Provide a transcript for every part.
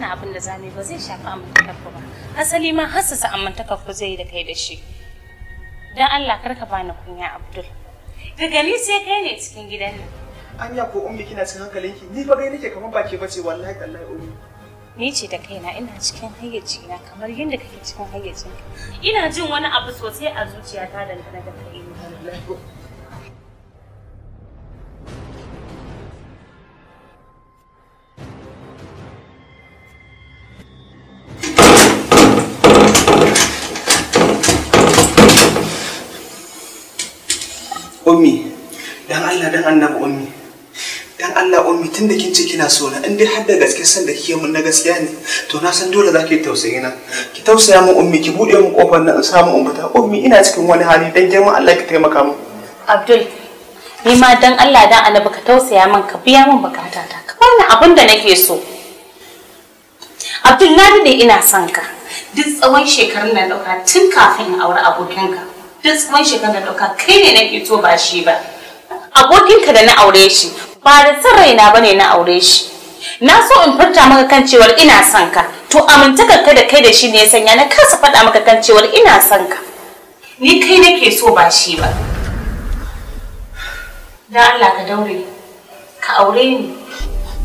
na abin da zamu ba zai shafi amintakar ku ba asali ma hassasa amintakar ku zai da kai da shi dan Allah kar ka bani kunya Abdul ka gani sai kai ne cikin gidan nan anya ko ummi kina cikin hankalinki ni fa gai nake kamar baki bace wallahi tallahi ummi ni ce da kaina ina cikin hayyaci na kamar yadda kake cikin hayyacin ina jin wani abu sosai a zuciyata dangane da kai ummi dan Allah dan annabi ummi dan Allah ummi tun da kin ce kina so na in dai har da gaske san da kike mun na gaskiya ne to na san dole za ki tausayi na ki tausaya min ummi ki bude min kofar nan in samu in ummi ina cikin wani hali dan girman Allah ki taimaka min Abdul ni ma dan Allah dan annabi ka tausaya man ka biya min ta ka bani abin da nake so Abdul na ina son ka duk tsawon shekarun nan dauka tun kafin aure abokinka duk tsawon shekarar ɗauka kai ne nake so ba shi ba abokinka da na aure shi ba da san raina ba ne na aure shi na so in furta maka kan cewar ina son ka to amintaka ka da kai da shi ne sanya na kasa faɗa maka kan cewar ina son ka ni kai nake so ba shi ba da Allah ka daure ka aure ni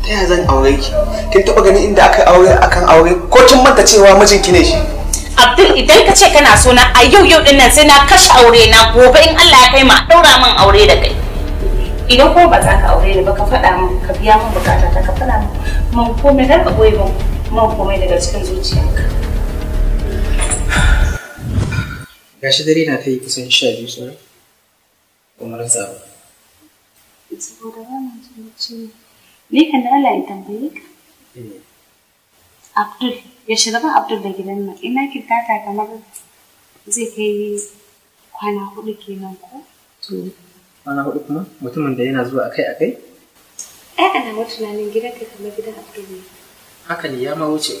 ta yaya zan aure ki kin taɓa ganin inda aka aure akan aure ko kin manta cewa mijinki ne shi idan ka ce kana so na a yau yau din nan sai na kashe aure na gobe in Allah ya kai ma daura min aure da kai idan ko ba za ka aure ni ba ka faɗa min ka biya min bukata ta ka faɗa min man komai dan ka boye min man komai daga cikin zuciyarka gashi dare na ta yi kusan sha biyu sauran kuma rasa ba saboda ba na jin ne kan Allah ya tambaye ka eh. abdul ya shirba abdul da gidan nan ina kirkata kamar zai kai kwana hudu kenan ko to kwana hudu kuma mutumin da yana zuwa akai akai Eh, ana ma tunanin ka kamar gidan abdul ne haka ne ya ma wuce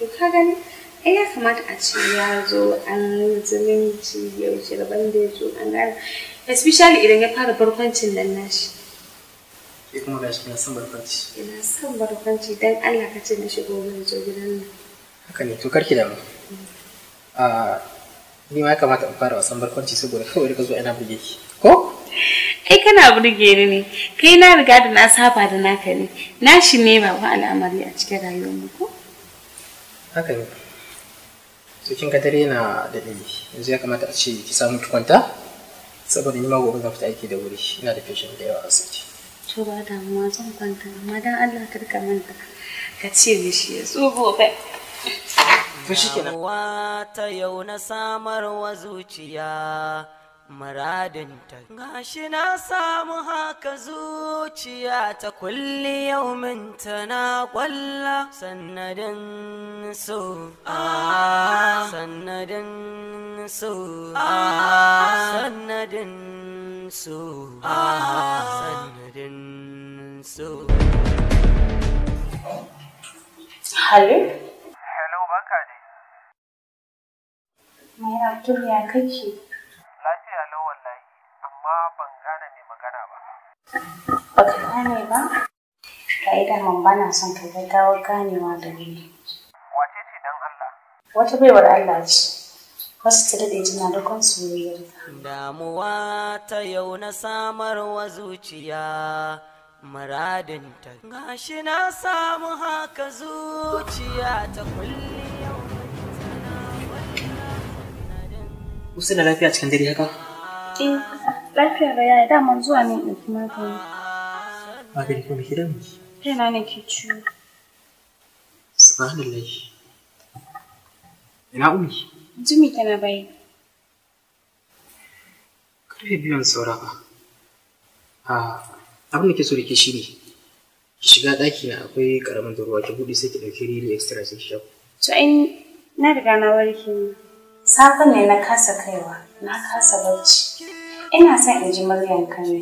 to ka gani eh ya kamata a ce ya zo an zumunci ya wuce da ya zo an gane especially idan ya fara barkwancin nan nashi ke kuma gashi kina son barkwanci ina son barkwanci dan Allah ka ce na shigo mana zo gidan nan haka ne to karki da mu mm. ah, ni ma ya kamata in fara wasan barkwanci saboda kawai ka zuwa ina buge ki ko ai kana burge ni ne kai na riga da na saba da naka ne na shi ne ba wa al'amari a cikin rayuwar mu ko haka ne to kin ga dare na da dai yanzu ya kamata a ce ki samu ki kwanta saboda ni ma gobe zan fita aiki da wuri ina da fashin da yawa a asibiti to ba damuwa zan kwanta amma dan Allah kar ka manta ka ce mishi ya zo gobe to shikenan ta yau na samarwa zuciya muradin ta gashi na samu haka zuciya ta kulli yau ta na kwalla sannadin so a sannadin so a sannadin so a so. Hello? Hello, Bakari. dai. Mai Abdul ya kake? Lafiya lau wallahi, amma ban gane mai magana ba. ka gane ba? Ka yi daman bana son ka gaggawa ganewa da ni. Wace ce dan Allah? Wata baiwar Allah ce. wasu ta daɗe tana da kansu Damuwa ta yau na samarwa zuciya. muradinta gashi na samu haka zuciya ta kulli yau Usu na lafiya cikin dare haka? Eh, lafiya ga yaya dama zuwa ne in ɗauki ka yi. kuma ki damu? Kaina ne ke ciwo. Subhanallah. Ina umi? Jimi tana bai. Karfe biyan saura ba. Ah, abin da ke so da ke shi ne ki shiga daki na akwai ƙaramin da ruwa ki buɗe sai ki dauki riri extra sai ki sha to in na riga na warke safin ne na kasa kaiwa na kasa barci ina son in ji muryan ka ne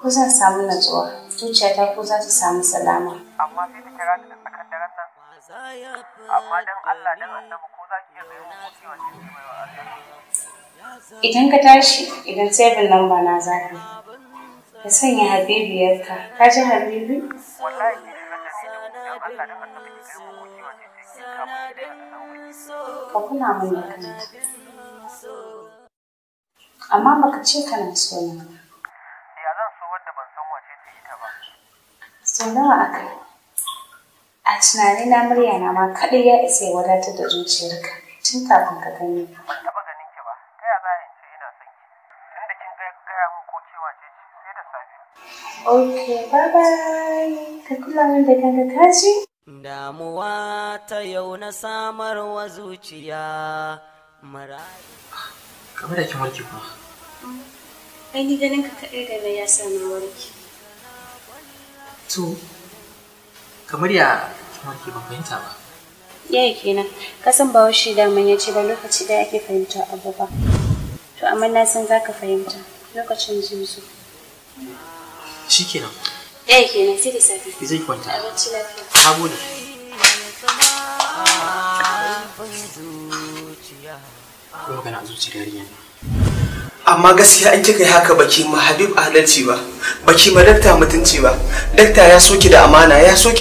ko zan samu natsuwa zuciyata ko za ta samu salama amma sai ta kira ta da tsakar nan amma dan Allah dan annabi ko za ki yi mai mu cewa ki mai wa Allah idan ka tashi idan sai bin lamba na zaka ka sanya habibiyarka ka ji habibi ka kuna mun da kanta amma baka ce kana so na ya zan so ban san wace ce ita ba so nawa aka a tunani na murya na ma kaɗai ya isa ya wadatar da zuciyarka tun kafin ka gani ba Okay, bye bye. Ka kula min da kanka kaji? Damuwa ta yau na samarwa zuciya marayi. Kamar da kin warke kuma. Mm. Ai ni ganin ka kaɗai da na ya na warke. To, kamar ya kin warke ban fahimta ba. Yaya kenan, ka san ba washi daman ya ce ba lokaci da ake fahimta abu ba. To, amma na san za ka fahimta lokacin zuzu. shikenan eh kenan sai da safe ki zai kwanta a bacci lafiya ka gode ko magana zuciya yarinya amma gaskiya an kika yi haka baki ma habib adalci ba baki ma dakta mutunci ba dakta ya soki da amana ya soki